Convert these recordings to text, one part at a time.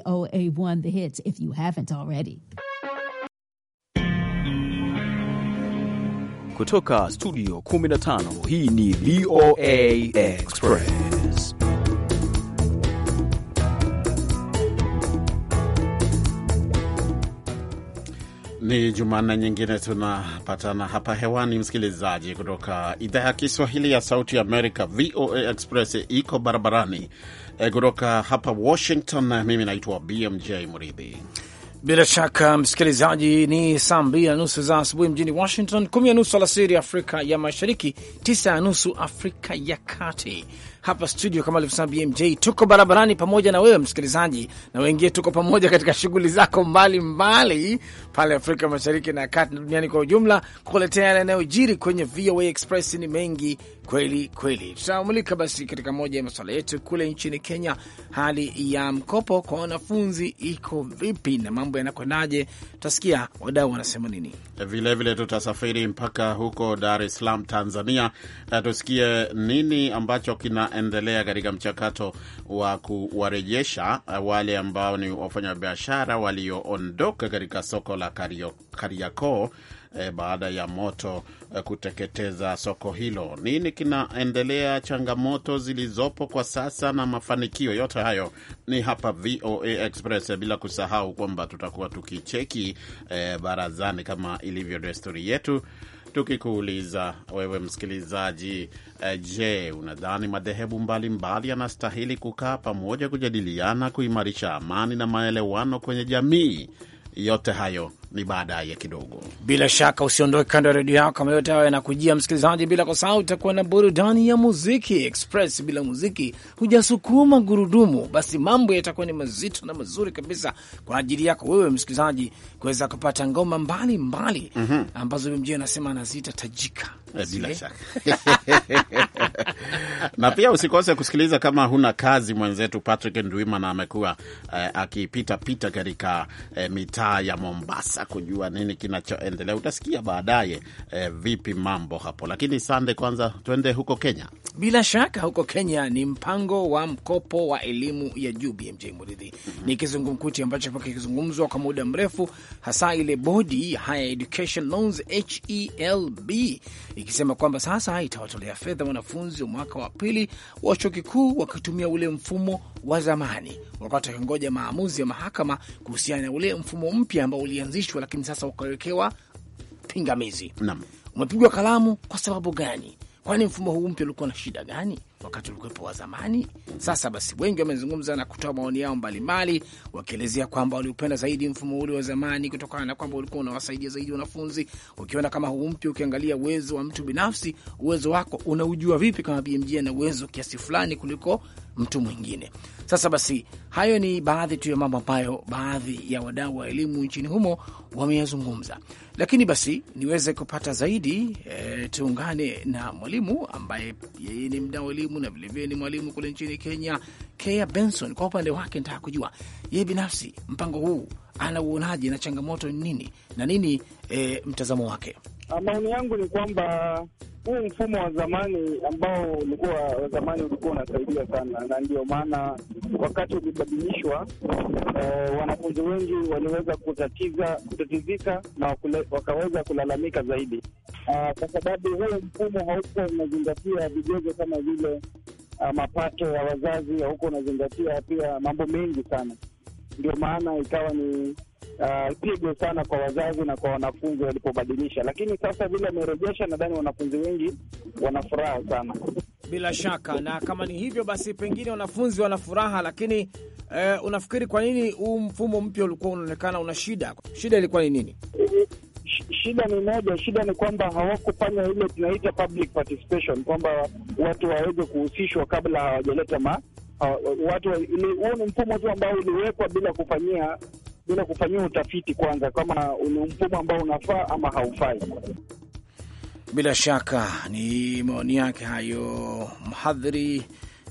VOA1 The Hits if you haven't already. Kutoka studio 15 hii ni VOA Express. Ni Jumanne nyingine tunapatana hapa hewani, msikilizaji, kutoka idhaa ya Kiswahili ya Sauti Amerika. VOA Express iko barabarani eh, kutoka hapa Washington. Mimi naitwa BMJ Mridhi. Bila shaka msikilizaji, ni saa mbili na nusu za asubuhi mjini Washington, kumi na nusu alasiri Afrika ya Mashariki, tisa na nusu Afrika ya Kati hapa studio, kama alivyosema BMJ, tuko barabarani pamoja na wewe msikilizaji, na wengine tuko pamoja katika shughuli zako mbalimbali pale Afrika Mashariki na kati na duniani kwa ujumla, kukuletea yale yanayojiri kwenye VOA Express. Ni mengi kweli kweli. Tutamulika basi katika moja ya masuala yetu kule nchini Kenya, hali ya mkopo kwa wanafunzi iko vipi na mambo yanakwendaje? Tutasikia wadau wanasema nini. Vilevile tutasafiri mpaka huko Dar es Salaam, Tanzania, eh, tusikie nini ambacho kinaendelea katika mchakato wa kuwarejesha eh, wale ambao ni wafanyabiashara walioondoka katika soko la Kariakoo eh, baada ya moto eh, kuteketeza soko hilo. Nini kinaendelea, changamoto zilizopo kwa sasa na mafanikio, yote hayo ni hapa VOA Express, eh, bila kusahau kwamba tutakuwa tukicheki eh, barazani kama ilivyo desturi yetu tukikuuliza wewe msikilizaji, eh, je, unadhani madhehebu mbalimbali yanastahili kukaa pamoja kujadiliana kuimarisha amani na maelewano kwenye jamii? Yote hayo ni baadaye kidogo. Bila shaka usiondoke kando ya redio yako, kama yote hayo yanakujia msikilizaji, bila kusahau utakuwa na burudani ya muziki express. Bila muziki hujasukuma gurudumu, basi mambo yatakuwa ni mazito na mazuri kabisa kwa ajili yako wewe msikilizaji kuweza kupata ngoma mbalimbali mbali, mm -hmm. ambazo mjia anasema anaziita tajika eh, bila eh? shaka na pia usikose kusikiliza kama huna kazi. Mwenzetu Patrick Ndwimana amekuwa eh, akipita pita katika eh, mitaa ya Mombasa kujua nini kinachoendelea. Utasikia baadaye eh, vipi mambo hapo. Lakini Sande, kwanza tuende huko Kenya. Bila shaka huko Kenya ni mpango wa mkopo wa elimu ya juu BMJ Muridhi. mm -hmm. Ni kizungumkuti ambacho paka kikizungumzwa kwa muda mrefu, hasa ile bodi ya Higher Education Loans HELB ikisema kwamba sasa itawatolea fedha wanafunzi wa mwaka wa pili wa chuo kikuu wakitumia ule mfumo wa zamani, wakati wakingoja maamuzi ya mahakama kuhusiana na ule mfumo mpya ambao ulianzisha umepandishwa, lakini sasa ukawekewa pingamizi. Naam, umepigwa kalamu kwa sababu gani? Kwani mfumo huu mpya ulikuwa na shida gani wakati ulikuwepo wa zamani? Sasa basi, wengi wamezungumza na kutoa maoni yao mbalimbali, wakielezea kwamba waliupenda zaidi mfumo ule wa zamani kutokana na kwamba ulikuwa unawasaidia zaidi wanafunzi, ukiona kama huu mpya, ukiangalia uwezo wa mtu binafsi, uwezo wako unaujua vipi kama BMJ na uwezo kiasi fulani kuliko mtu mwingine. Sasa basi, hayo ni baadhi tu ya mambo ambayo baadhi ya wadau wa elimu nchini humo wameyazungumza, lakini basi niweze kupata zaidi e, tuungane na mwalimu ambaye yeye ni mdau wa elimu na vilevile ni mwalimu kule nchini Kenya, Kea Benson. Kwa upande wake, nitaka kujua yeye binafsi mpango huu anauonaje na changamoto ni nini na nini, e, mtazamo wake. Ah, maoni yangu ni kwamba huu mfumo wa zamani ambao ulikuwa wa zamani ulikuwa unasaidia sana, na ndio maana wakati ulibadilishwa, eh, wanafunzi wengi waliweza kutatiza kutatizika na wakule, wakaweza kulalamika zaidi, ah, kwa sababu huo mfumo haukuwa unazingatia vigezo kama vile ah, mapato ya wazazi, haukuwa unazingatia pia mambo mengi sana, ndio maana ikawa ni uh, pigo sana kwa wazazi na kwa wanafunzi walipobadilisha, lakini sasa vile amerejesha, nadhani wanafunzi wengi wanafuraha sana. Bila shaka, na kama ni hivyo basi, pengine wanafunzi wana furaha, lakini uh, unafikiri kwa nini huu mfumo mpya ulikuwa unaonekana una shida? Shida ilikuwa ni nini? Shida ni moja. Shida ni kwamba hawakufanya ile tunaita public participation, kwamba watu waweze kuhusishwa kabla hawajaleta ma watu. Huu ni mfumo tu ambao uliwekwa bila kufanyia bila kufanyia utafiti kwanza, kama ni mfumo ambao unafaa ama haufai. Bila shaka ni maoni yake hayo mhadhiri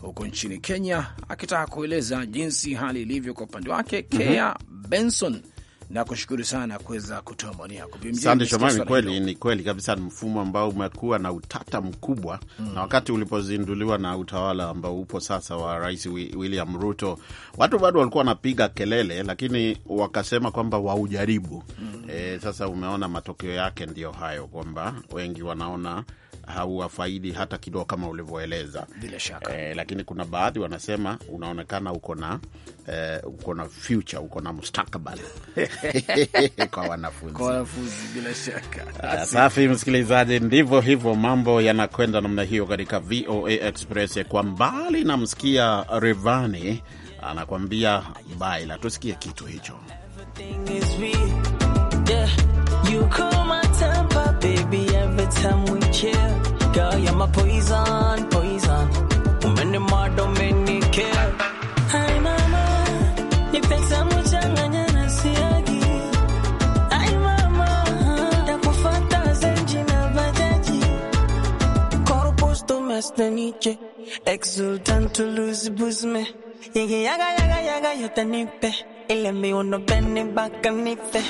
huko nchini Kenya, akitaka kueleza jinsi hali ilivyo kwa upande wake. Kea mm -hmm. Benson na kushukuru sana kuweza kutoa maoni yako. Asante Shomari, kweli ni kweli kabisa, ni mfumo ambao umekuwa na utata mkubwa mm. na wakati ulipozinduliwa na utawala ambao upo sasa wa Rais William Ruto, watu bado walikuwa wanapiga kelele, lakini wakasema kwamba waujaribu mm. E, sasa umeona matokeo yake ndio hayo kwamba wengi wanaona hauwafaidi hata kidogo kama ulivyoeleza bila shaka eh, lakini kuna baadhi wanasema unaonekana uko na e, uko na future uko na mustakabali kwa wanafunzi kwa wanafunzi bila shaka. Ah, safi msikilizaji, ndivyo hivyo mambo yanakwenda namna hiyo katika VOA Express. Kwa mbali namsikia Revani anakwambia baila, tusikie kitu hicho. Sultan Toulouse Buzme Yingi yaga yaga yaga yote nipe me Ile miuno back and nipe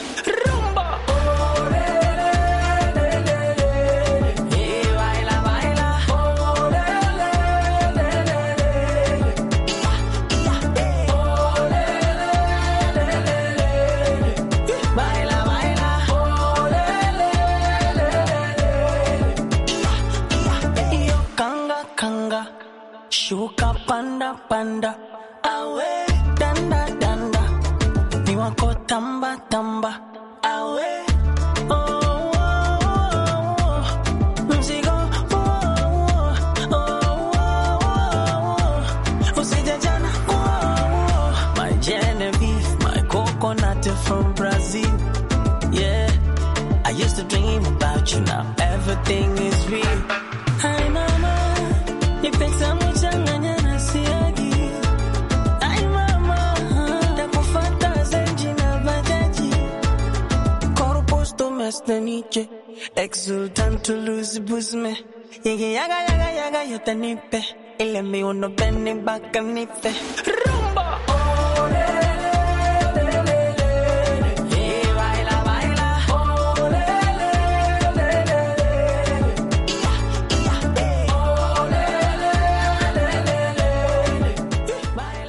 panda panda, awe danda danda, ni wako tamba tamba so time to lose booze me. Yaga yaga yaga yaga yote nipe. Ile uno beni baka nife. Rumba!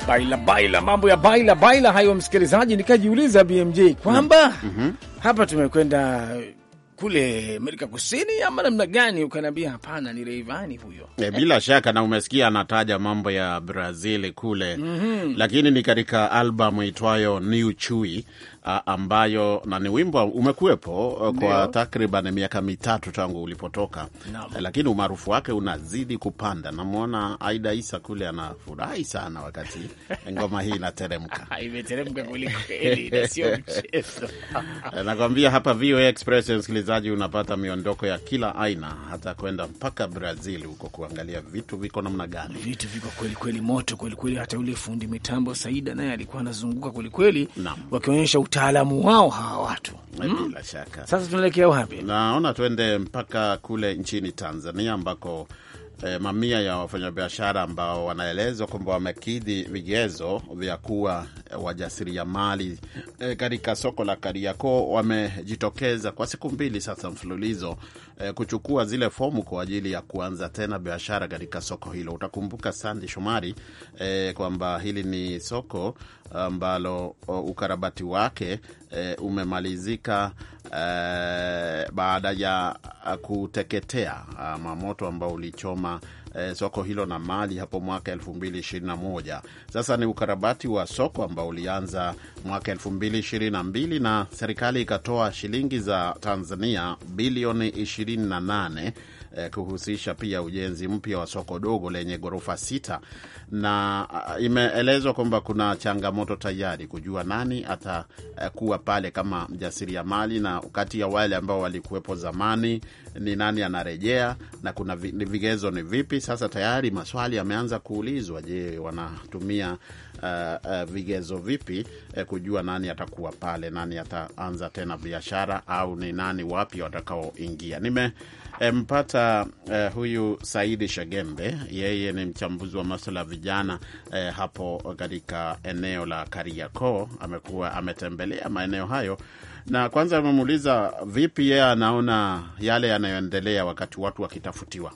Baila baila, mambo ya baila baila hayo, msikilizaji, nikajiuliza BMJ kwamba mm -hmm. hapa tumekwenda kule Amerika Kusini ama namna gani? Ukaniambia hapana, ni Reivani huyo. E, bila shaka na umesikia anataja mambo ya Brazil kule mm -hmm. Lakini ni katika albamu itwayo New Chui ambayo na ni wimbo umekuwepo uh, kwa takriban miaka mitatu tangu ulipotoka no. Eh, lakini umaarufu wake unazidi kupanda. Namwona Aida Isa kule anafurahi sana wakati ngoma hii inateremka imeteremka kweli, eh, nakwambia. Hapa VOA Express msikilizaji, unapata miondoko ya kila aina, hata kwenda mpaka Brazil huko kuangalia vitu viko namna gani. Vitu viko kweli kweli moto kweli kweli, hata yule fundi mitambo Saida naye alikuwa anazunguka kweli kweli, wakionyesha utaalamu wao hawa watu hmm. Bila shaka. Sasa tunaelekea wapi? Naona tuende mpaka kule nchini Tanzania ambako E, mamia ya wafanyabiashara ambao wanaelezwa kwamba wamekidhi vigezo vya kuwa eh, wajasiriamali e, katika soko la Kariakoo wamejitokeza kwa siku mbili sasa mfululizo e, kuchukua zile fomu kwa ajili ya kuanza tena biashara katika soko hilo. Utakumbuka Sandi Shomari e, kwamba hili ni soko ambalo ukarabati wake e, umemalizika e, baada ya kuteketea ama moto ambao ulichoma e, soko hilo na mali hapo mwaka 2021. Sasa ni ukarabati wa soko ambao ulianza mwaka 2022 na serikali ikatoa shilingi za Tanzania bilioni 28 eh, kuhusisha pia ujenzi mpya wa soko dogo lenye ghorofa sita, na ah, imeelezwa kwamba kuna changamoto tayari kujua nani atakuwa eh, pale kama mjasiriamali, na kati ya wale ambao walikuwepo zamani ni nani anarejea na kuna vigezo ni vipi. Sasa tayari maswali yameanza kuulizwa. Je, wanatumia uh, uh, vigezo vipi eh, kujua nani atakuwa pale, nani ataanza tena biashara au ni nani wapya watakaoingia. Nimempata eh, eh, huyu Saidi Shagembe, yeye ni mchambuzi wa maswala ya vijana eh, hapo katika eneo la Kariakoo, amekuwa ametembelea maeneo hayo na kwanza amemuuliza vipi yeye anaona yale yanayoendelea wakati watu wakitafutiwa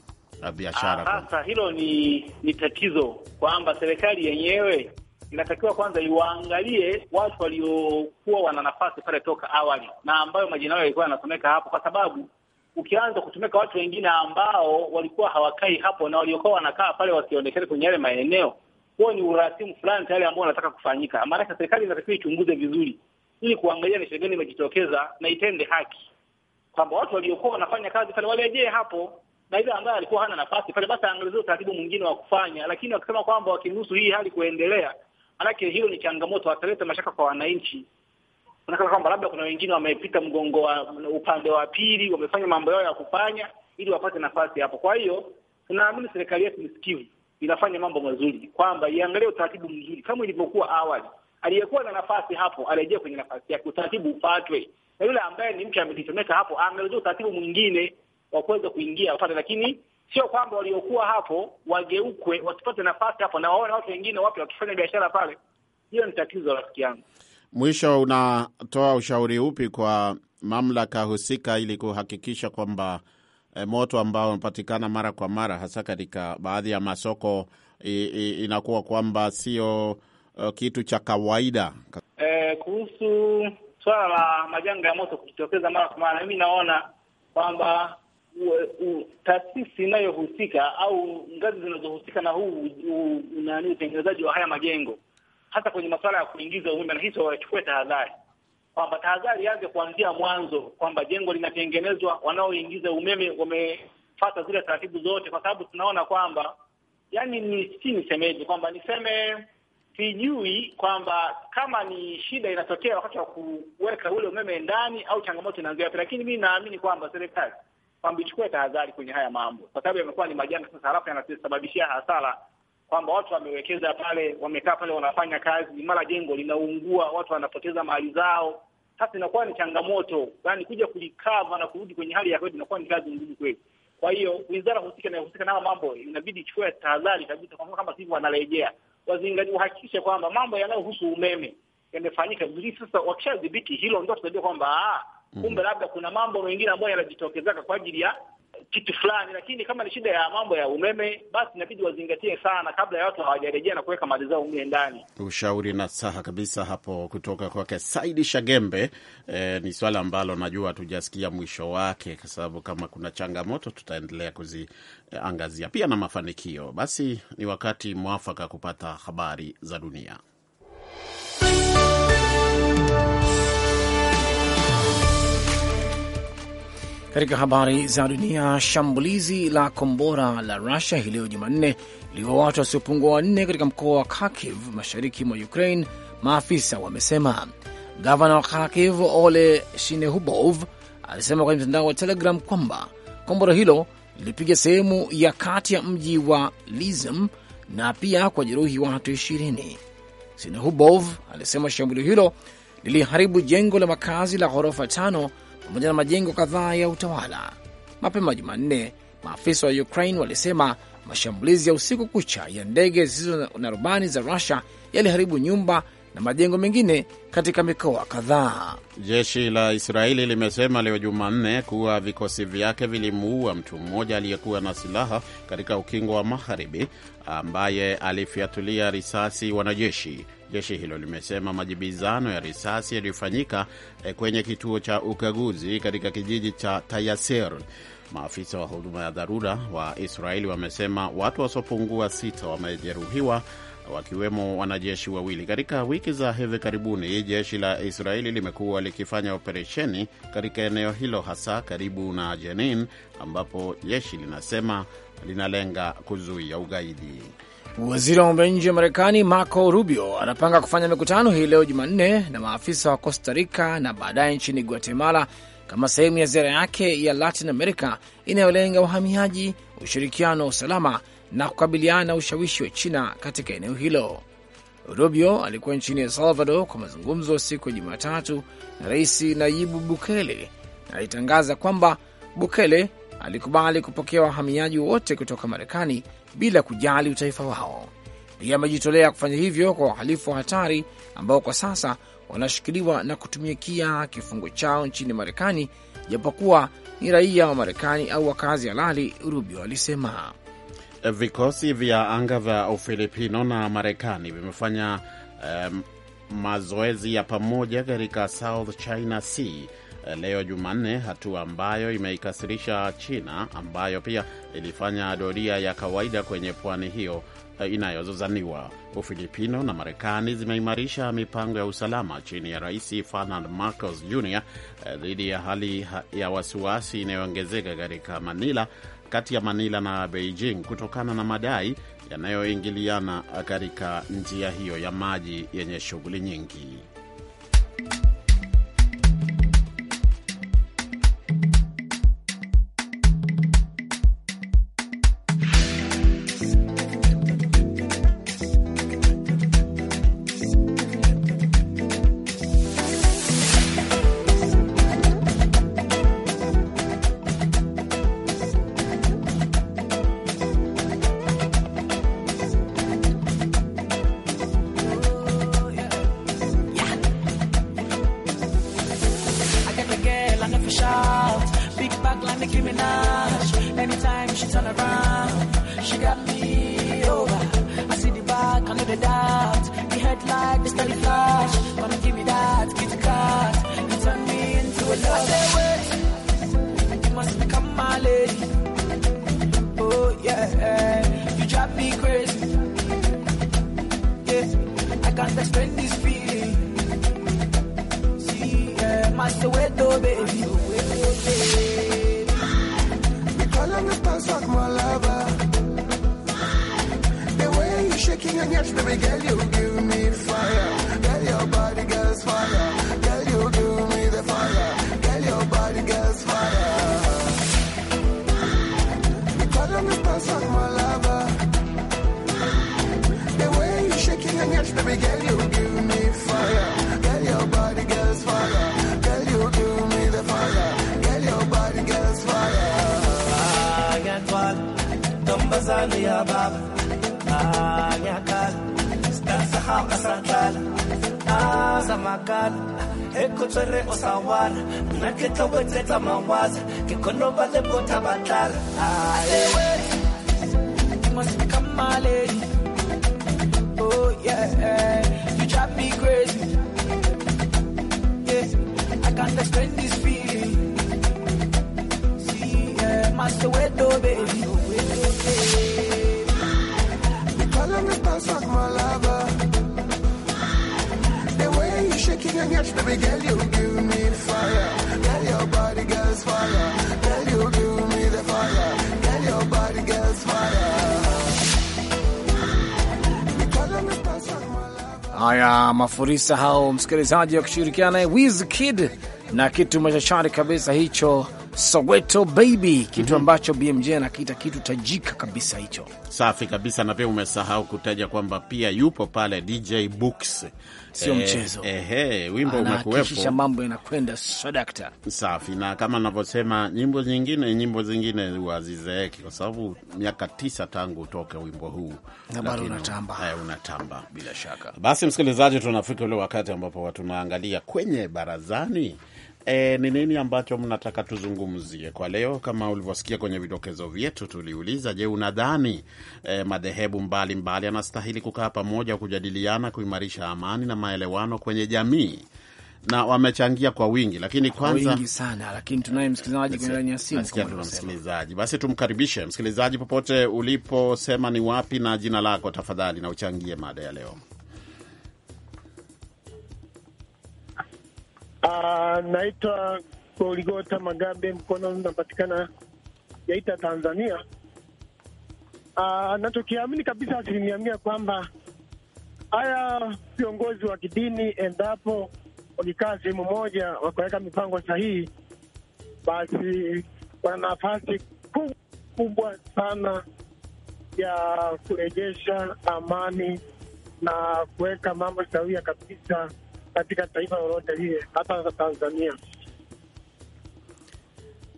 biashara. Sasa ah, ah, hilo ni, ni tatizo kwamba serikali yenyewe inatakiwa kwanza iwaangalie watu waliokuwa wana nafasi pale toka awali na ambayo majina yao yalikuwa yanasomeka hapo, kwa sababu ukianza kutumika watu wengine ambao walikuwa hawakai hapo na waliokuwa wanakaa pale wasionekane kwenye yale maeneo, huo ni urasimu fulani tayari ambao wanataka kufanyika. Maanake serikali inatakiwa ichunguze vizuri ili kuangalia ni sheria gani imejitokeza na itende haki, kwamba watu waliokuwa wanafanya kazi pale warejee hapo, na ile ambaye alikuwa hana nafasi pale, basi aangalizie utaratibu mwingine wa kufanya. Lakini wakisema kwamba wakiruhusu hii hali kuendelea, manake hiyo ni changamoto, wataleta mashaka kwa wananchi Unaona kwamba labda kuna wengine wamepita mgongo wa upande wa pili, wamefanya mambo yao ya kufanya ili wapate nafasi hapo. Kwa hiyo tunaamini serikali yetu ni sikivu, inafanya mambo mazuri, kwamba iangalie utaratibu mzuri kama ilivyokuwa awali, aliyekuwa na nafasi hapo arejee kwenye nafasi yake, utaratibu ufuatwe, na yule ambaye ni mtu amejitomeka hapo angerudia utaratibu mwingine wa kuweza kuingia upande, lakini sio kwamba waliokuwa hapo wageukwe wasipate nafasi hapo na waone watu wengine wapya wakifanya biashara pale. Hiyo ni tatizo, rafiki yangu. Mwisho, unatoa ushauri upi kwa mamlaka husika ili kuhakikisha kwamba e, moto ambao unapatikana mara kwa mara hasa katika baadhi ya masoko i, i, inakuwa kwamba sio uh, kitu cha kawaida eh, kuhusu swala la majanga ya moto kujitokeza mara kwa mara. Mimi naona kwamba taasisi inayohusika au ngazi zinazohusika na huu nani utengenezaji wa haya majengo, hasa kwenye masuala ya kuingiza umeme, na hiso wachukue tahadhari kwamba tahadhari yaze kuanzia mwanzo, kwamba jengo linatengenezwa, wanaoingiza umeme wamefata zile taratibu zote, kwa sababu tunaona kwamba yani, ni si nisemeje, kwamba niseme sijui kwamba kama ni shida inatokea wakati wa kuweka ule umeme ndani au changamoto inaanzia wapi, lakini mimi naamini kwamba serikali kwamba ichukue tahadhari kwenye haya mambo, kwa sababu yamekuwa ni majanga sasa, halafu yanasababishia hasara kwamba watu wamewekeza pale, wamekaa pale, wanafanya kazi, mara jengo linaungua, watu wanapoteza mali zao. Sasa inakuwa ni changamoto, yaani kuja kulikava na kurudi kwenye hali ya kweli inakuwa ni kazi ngumu kweli. Kwa hiyo wizara husika inayohusika na mambo inabidi ichukue tahadhari kabisa, kwa kama sivyo wanarejea wazingatia, wahakikishe kwamba mambo yanayohusu umeme yamefanyika vizuri. Sasa wakishadhibiti hilo, ndio tutajua kwamba ah, kumbe, mm-hmm. labda kuna mambo mengine ambayo yanajitokezaka kwa ajili ya kitu fulani, lakini kama ni shida ya mambo ya umeme, basi inabidi wazingatie sana kabla ya watu hawajarejea na kuweka mali zao mle ndani. Ushauri na saha kabisa hapo kutoka kwake Saidi Shagembe. Eh, ni swala ambalo najua hatujasikia mwisho wake, kwa sababu kama kuna changamoto tutaendelea kuziangazia, pia na mafanikio. Basi ni wakati mwafaka kupata habari za dunia. Katika habari za dunia, shambulizi la kombora la Rusia hii leo Jumanne liwa watu wasiopungua wanne katika mkoa wa Kharkiv mashariki mwa Ukraine, maafisa wamesema. Gavana wa Kharkiv Ole Shinehubov alisema kwenye mtandao wa Telegram kwamba kombora hilo lilipiga sehemu ya kati ya mji wa Lizm na pia kwa jeruhi watu ishirini. Sinehubov alisema shambulio hilo liliharibu jengo la makazi la ghorofa tano pamoja na majengo kadhaa ya utawala. Mapema Jumanne, maafisa wa Ukraine walisema mashambulizi ya usiku kucha ya ndege zisizo na rubani za Rusia yaliharibu nyumba na majengo mengine katika mikoa kadhaa. Jeshi la Israeli limesema leo Jumanne kuwa vikosi vyake vilimuua mtu mmoja aliyekuwa na silaha katika ukingo wa Magharibi ambaye alifyatulia risasi wanajeshi. Jeshi hilo limesema majibizano ya risasi yaliyofanyika eh, kwenye kituo cha ukaguzi katika kijiji cha Tayaser. Maafisa wa huduma ya dharura wa Israeli wamesema watu wasiopungua sita wamejeruhiwa wakiwemo wanajeshi wawili. Katika wiki za hivi karibuni, jeshi la Israeli limekuwa likifanya operesheni katika eneo hilo, hasa karibu na Jenin, ambapo jeshi linasema linalenga kuzuia ugaidi. Waziri wa mambo ya nje wa Marekani Marco Rubio anapanga kufanya mikutano hii leo Jumanne na maafisa wa Costa Rica na baadaye nchini Guatemala kama sehemu ya ziara yake ya Latin America inayolenga uhamiaji, ushirikiano wa usalama na kukabiliana na ushawishi wa China katika eneo hilo. Rubio alikuwa nchini El Salvador kwa mazungumzo siku ya Jumatatu na Rais Nayibu Bukele, na alitangaza kwamba Bukele alikubali kupokea wahamiaji wote kutoka Marekani bila kujali utaifa wao. Pia amejitolea kufanya hivyo kwa wahalifu wa hatari ambao kwa sasa wanashikiliwa na kutumikia kifungo chao nchini Marekani, japokuwa ni raia wa Marekani au wakazi halali, Rubio alisema. Eh, vikosi vya anga vya Ufilipino na Marekani vimefanya um, mazoezi ya pamoja katika South China Sea eh, leo Jumanne, hatua ambayo imeikasirisha China ambayo pia ilifanya doria ya kawaida kwenye pwani hiyo eh, inayozozaniwa. Ufilipino na Marekani zimeimarisha mipango ya usalama chini ya Rais Ferdinand Marcos Jr dhidi ya hali ya wasiwasi inayoongezeka katika Manila kati ya Manila na Beijing kutokana na madai yanayoingiliana katika njia hiyo ya maji yenye shughuli nyingi. act like Nicki Minaj. Anytime she turn around, she got me over. I see the back, I the doubt. The headlight, the steady flash. Gonna give me that, get the You turn me into a lover. I say wait, you must become my lady. Oh yeah, you drive me crazy. Yeah, I can't explain this feeling. See, yeah, master, wait, oh baby, wait, oh baby and the pants like my lover. The way you're shaking and yes, baby girl, you give me fire. Girl, your body girls fire. Girl, you give me the fire. Girl, your body girls fire. The color me pants like my lover. The way you're shaking and yes, baby girl, you give me fire. Tanzania baba anyakala stasahaka sankala tazamakala ekutswere osawana mna ke tla wetsetsa mawaza ke kono ba le botha batlala Oh yeah, you drive me crazy. Yeah, I can't explain this feeling. See, yeah, Master Wedo, baby. and suck my lover. The way you shaking and your baby girl, you give me the fire. Girl, your body girl's fire. Girl, you give me the fire. Girl, your body fire. Haya, mafurisa hao msikilizaji, Wizkid na kitu kabisa hicho Soweto baby, kitu mhm. ambacho BMJ anakiita kitu tajika kabisa hicho. Safi kabisa, na pia umesahau kutaja kwamba pia yupo pale DJ Books, sio eh, mchezo eh, eh, wimbo umekuwepo, mambo yanakwenda sodakta. Safi, na kama navyosema, nyimbo nyingine nyimbo zingine huazizeeki kwa sababu miaka tisa tangu utoke wimbo huu na bado unatamba. Eh, unatamba bila shaka. Basi msikilizaji, tunafika ule wakati ambapo tunaangalia kwenye barazani e, ni nini ambacho mnataka tuzungumzie kwa leo? Kama ulivyosikia kwenye vidokezo vyetu, tuliuliza je, unadhani e, madhehebu mbalimbali yanastahili kukaa pamoja kujadiliana, kuimarisha amani na maelewano kwenye jamii na wamechangia kwa wingi, lakini kwanza wingi sana, lakini tunaye msikilizaji kwenye laini ya simu. Tuna msikilizaji, basi tumkaribishe msikilizaji, popote uliposema ni wapi na jina lako tafadhali, na uchangie mada ya leo. Ah, naitwa Goligota Magabe Mkono, napatikana Geita, Tanzania. Uh, kabisa asilimia mia kwamba haya viongozi wa kidini, endapo wakikaa sehemu moja wakaweka mipango sahihi, basi wana nafasi kubwa sana ya kurejesha amani na kuweka mambo sawia kabisa katika taifa lolote lile, hata Tanzania.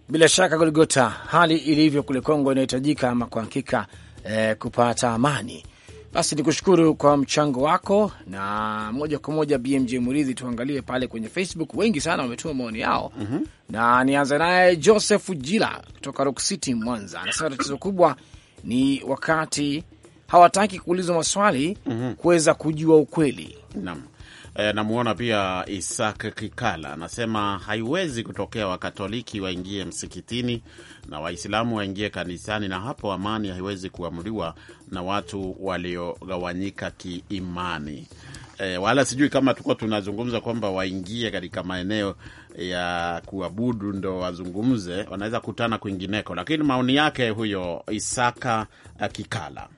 Bila shaka Golgota, hali ilivyo kule Kongo inahitajika ama kwa hakika eh, kupata amani. Basi nikushukuru kwa mchango wako, na moja kwa moja BMJ Muridhi, tuangalie pale kwenye Facebook. Wengi sana wametuma maoni yao mm -hmm. na nianze naye Joseph Jila kutoka Rock City, Mwanza, anasema tatizo kubwa ni wakati hawataki kuulizwa maswali mm -hmm. kuweza kujua ukweli Naam. E, namuona pia Isak Kikala anasema haiwezi kutokea Wakatoliki waingie msikitini na Waislamu waingie kanisani, na hapo amani haiwezi kuamriwa na watu waliogawanyika kiimani. E, wala sijui kama tuko tunazungumza kwamba waingie katika maeneo ya kuabudu ndo wazungumze, wanaweza kutana kwingineko, lakini maoni yake huyo Isaka Kikala.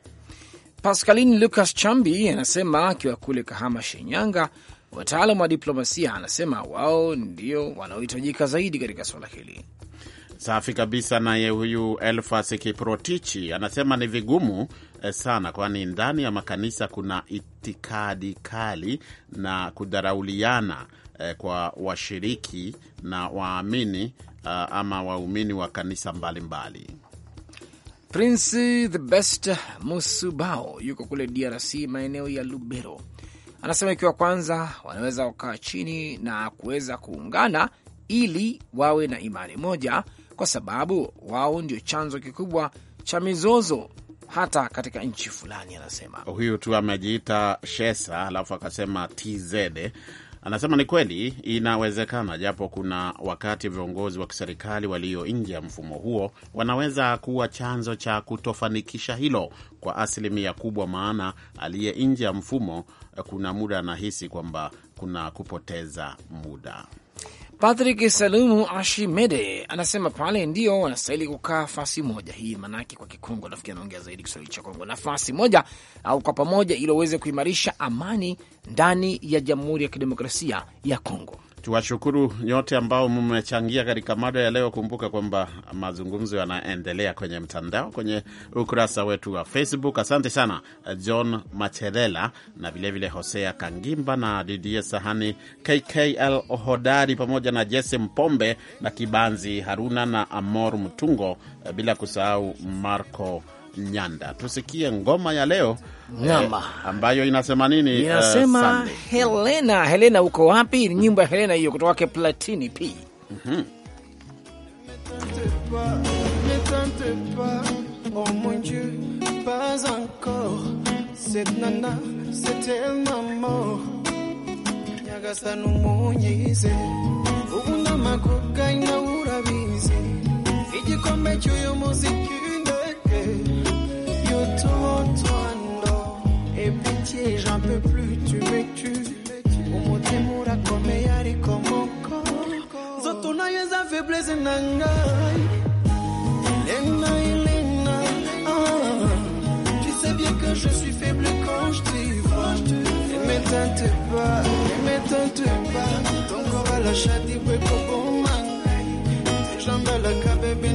Pascaline Lucas Chambi anasema akiwa kule Kahama, Shinyanga, Wataalam wa diplomasia anasema wao ndio wanaohitajika zaidi katika suala hili. Safi kabisa. Naye huyu Elfas Kiprotichi anasema ni vigumu eh, sana, kwani ndani ya makanisa kuna itikadi kali na kudharauliana eh, kwa washiriki na waamini eh, ama waumini wa kanisa mbalimbali mbali. Prince the Best Musubao yuko kule DRC maeneo ya Lubero Anasema ikiwa kwanza wanaweza kukaa chini na kuweza kuungana ili wawe na imani moja, kwa sababu wao ndio chanzo kikubwa cha mizozo hata katika nchi fulani. Anasema huyu tu amejiita Shesa alafu akasema TZ Anasema ni kweli inawezekana, japo kuna wakati viongozi wa kiserikali walio nje ya mfumo huo wanaweza kuwa chanzo cha kutofanikisha hilo kwa asilimia kubwa, maana aliye nje ya mfumo kuna muda anahisi kwamba kuna kupoteza muda. Patrick Salumu Ashimede anasema pale ndio wanastahili kukaa fasi moja. Hii manake kwa Kikongo nafikiri anaongea zaidi Kiswahili cha Kongo, nafasi moja au kwa pamoja, ili waweze kuimarisha amani ndani ya Jamhuri ya Kidemokrasia ya Kongo. Tuwashukuru nyote ambao mmechangia katika mada ya leo. Kumbuka kwamba mazungumzo yanaendelea kwenye mtandao, kwenye ukurasa wetu wa Facebook. Asante sana John Machelela na vilevile vile Hosea Kangimba na Didie Sahani, KKL Hodari pamoja na Jesse Mpombe na Kibanzi Haruna na Amor Mtungo, bila kusahau Marco Nyanda. Tusikie ngoma ya leo nyama eh, ambayo inasema nini? Eh, inasema uh, Helena. Helena uko wapi? Ni nyimbo ya Helena hiyo kutoka kwake Platini P. mm -hmm. j'en peux plus, tu me tues. Umutema yari comme encore. zote unayeza faiblesse nanga. Elena, Elena, ah. tu sais bien que je suis faible quand je t'y vois. Ne m'éteinte pas, ne m'éteinte pas, ton corps à la chatte, il peut comme tes jambes à la cabébé,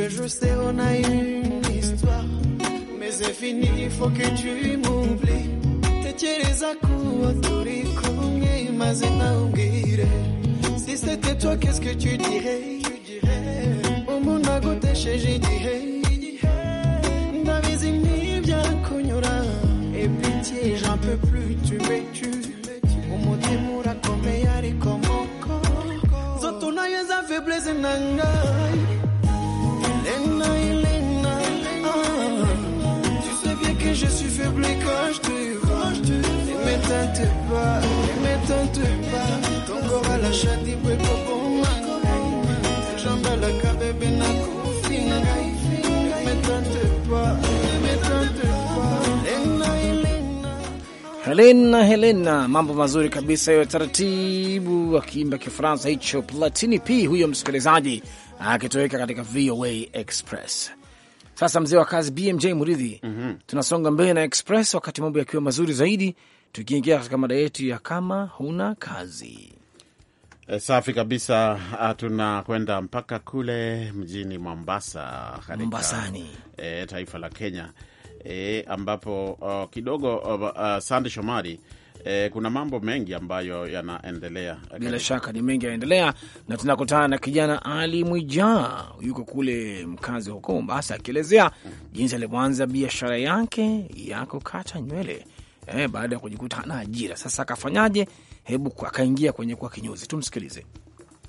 que je sais, on a une histoire. Mais c'est fini, faut que tu m'oublies. Tekereza kuwa turi kumwe maze nawubwire. Si c'était toi, qu'est-ce que tu dirais? Tu dirais. Umuntu agutesheje igihe. Helena Helena, mambo mazuri kabisa hiyo, taratibu akiimba Kifaransa hicho Platini P, huyo msikilizaji akitoweka katika VOA Express. Sasa mzee wa kazi BMJ Muridhi, mm -hmm. tunasonga mbele na Express wakati mambo yakiwa mazuri zaidi, tukiingia katika mada yetu ya kama huna kazi. E, safi kabisa. Ah, tunakwenda mpaka kule mjini Mombasa, Mombasani, e, taifa la Kenya e, ambapo uh, kidogo uh, uh, Sande Shomari E, kuna mambo mengi ambayo yanaendelea. Bila shaka ni mengi yanaendelea, na tunakutana na kijana Ali Mwijaa, yuko kule mkazi huko Mombasa, akielezea jinsi alivyoanza biashara yake ya kukata nywele e, baada ya kujikuta hana ajira. Sasa akafanyaje? Hebu akaingia kwenye kuwa kinyozi. Tumsikilize.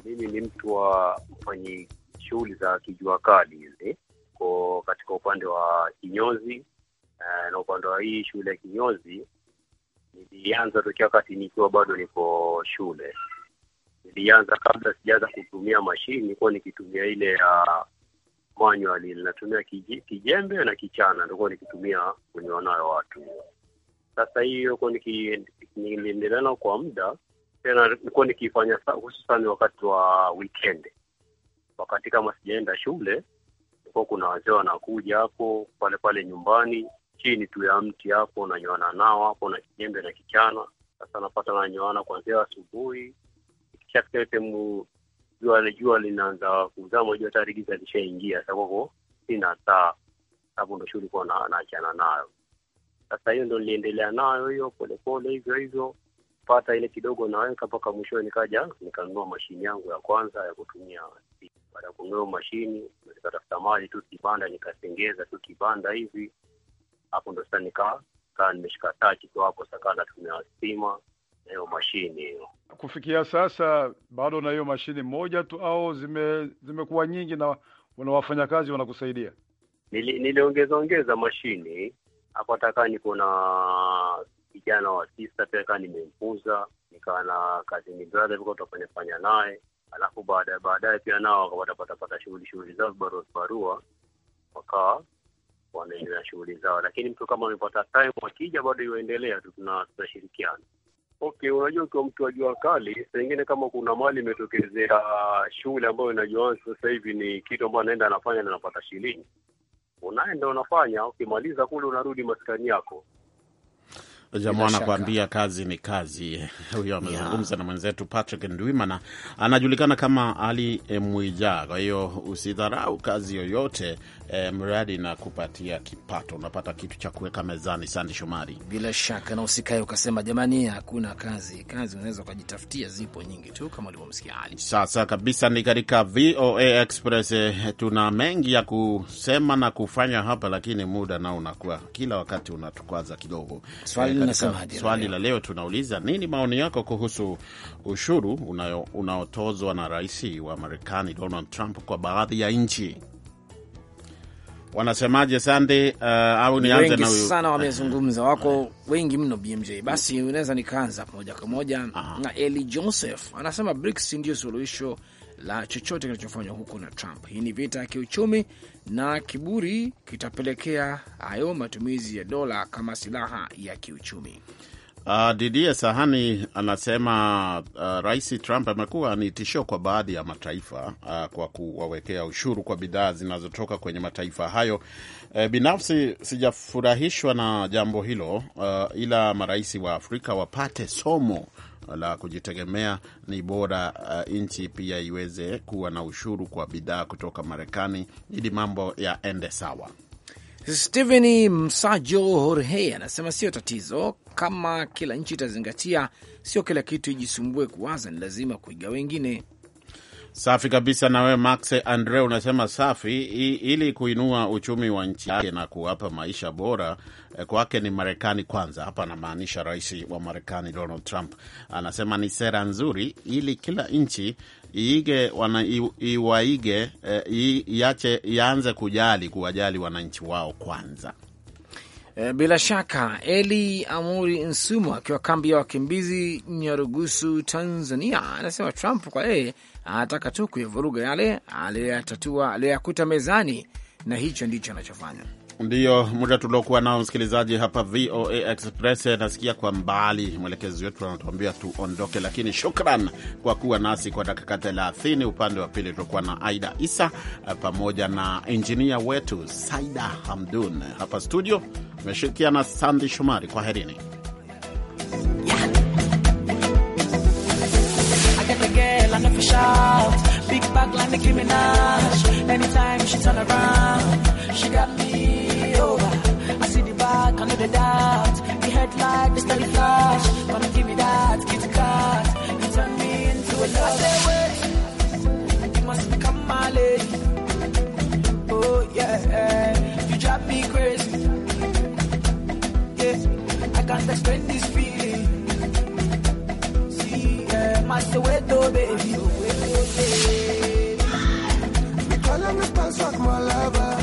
Mimi ni mtu wa mfanyi shughuli za kijua kali hizi, eh, katika upande wa kinyozi Eh, na upande wa hii shule ya kinyozi nilianza tokea wakati nikiwa bado niko shule. Nilianza kabla sijaanza kutumia mashini, nilikuwa nikitumia ile ya uh, manual. Ninatumia kijembe na kichana, nilikuwa nikitumia kwenye wanayo watu. Sasa hiyo huko niliendelea kwa muda, tena nilikuwa nikifanya hususani wakati wa weekend, wakati kama sijaenda shule, kuna wazee wanakuja hapo pale pale nyumbani chini tu ya mti hapo, unanyoana nao hapo na kijembe na kichana. Sasa napata nanyoana kuanzia asubuhi, ikishafika sehemu jua jua linaanza kuzama, jua tayari giza lishaingia. Sasa kwako sina taa, sababu ndo shughuli kuwa naachana nayo. Sasa hiyo ndo niliendelea nayo hiyo polepole hivyo hivyo pata ile kidogo naweka mpaka mwishowe nikaja nikanunua mashini yangu ya kwanza ya kutumia. Baada ya kununua mashini, nikatafuta mali tu kibanda, nikatengeza tu kibanda hivi hapo ndo sasa nikaa kaa nimeshika tachi tu hapo saka na hiyo mashine hiyo. Kufikia sasa bado na hiyo mashine moja tu au zime zimekuwa nyingi na una wafanyakazi wanakusaidia? Nili, niliongeza ongeza mashine hapo, hata niko na kijana wa tisa pia kaa nimempuza, nikaa na kazini brother viko tutafanyafanya naye, alafu baadaye baadaye pia nao watapatapata shughuli shughuli zao barua barua wakaa wanaendelea shughuli zao, lakini mtu kama amepata time, wakija bado iwaendelea tu, tunashirikiana. Okay, unajua ukiwa mtu wa jua kali, pengine kama kuna mali imetokezea shughuli ambayo inajua sasa hivi ni kitu ambayo anaenda anafanya na anapata shilingi, unaenda unafanya, ukimaliza kule unarudi maskani yako. Jamaa anakuambia kazi ni kazi. Huyo amezungumza na mwenzetu Patrick Ndwimana, anajulikana kama Ali Mwijaa. Kwa hiyo usidharau kazi yoyote eh, mradi na kupatia kipato, unapata kitu cha kuweka mezani. Sandi Shomari, bila shaka, na usikae ukasema jamani, hakuna kazi. Kazi unaweza ukajitafutia, zipo nyingi tu kama ulivyomsikia Ali. Sasa kabisa ni katika VOA Express. E, tuna mengi ya kusema na kufanya hapa, lakini muda nao unakuwa kila wakati unatukwaza kidogo Swali e, swali la leo tunauliza nini maoni yako kuhusu ushuru unaotozwa na rais wa Marekani Donald Trump kwa baadhi ya nchi. Wanasemaje Sande? Uh, au nianze na huyu sana. Eh. Wamezungumza wako eh. wengi mno BMJ. Basi unaweza nikaanza moja kwa moja na Eli Joseph anasema BRICS ndio suluhisho la chochote kinachofanywa huko na Trump. Hii ni vita ya kiuchumi na kiburi kitapelekea hayo matumizi ya dola kama silaha ya kiuchumi. Uh, ah, Didie Sahani anasema uh, Rais Trump amekuwa ni tishio kwa baadhi ya mataifa uh, kwa kuwawekea ushuru kwa bidhaa zinazotoka kwenye mataifa hayo. E, binafsi sijafurahishwa na jambo hilo uh, ila marais wa Afrika wapate somo la kujitegemea, ni bora uh, nchi pia iweze kuwa na ushuru kwa bidhaa kutoka Marekani ili mambo yaende sawa. Steven Msajo Jorge anasema sio tatizo kama kila nchi itazingatia, sio kila kitu ijisumbue kuwaza, ni lazima kuiga wengine. Safi kabisa. Na wewe Max Andre unasema safi. Ili kuinua uchumi wa nchi yake na kuwapa maisha bora eh, kwake ni Marekani kwanza. Hapa anamaanisha rais wa Marekani Donald Trump. Anasema ni sera nzuri, ili kila nchi iige wana, iwaige eh, iache ianze kujali kuwajali wananchi wao kwanza. Eh, bila shaka Eli Amuri Nsumo akiwa kambi ya wakimbizi Nyarugusu, Tanzania, anasema Trump kwa yeye anataka tu kuyavuruga yale aliyatatua, aliyakuta mezani, na hicho ndicho anachofanya. Ndiyo muda tuliokuwa nao, msikilizaji, hapa VOA Express. Nasikia kwa mbali mwelekezi wetu anatuambia tuondoke, lakini shukran kwa kuwa nasi kwa dakika thelathini. Upande wa pili tutakuwa na Aida Isa eh, pamoja na injinia wetu Saida Hamdun. Hapa studio ameshirikiana Sandi Shomari. Kwaherini. girl, I know shout. Big back like Nicki Minaj. Anytime she turn around, she got me over. I see the back, I know the doubt. The headlight, the steady flash. Gonna give me that, get it that. You turn me into a love. I say, wait, you must become my lady. Oh, yeah, you drive me crazy. Yeah, I can't explain this. Masoweto, baby. Calling me pants like my lover.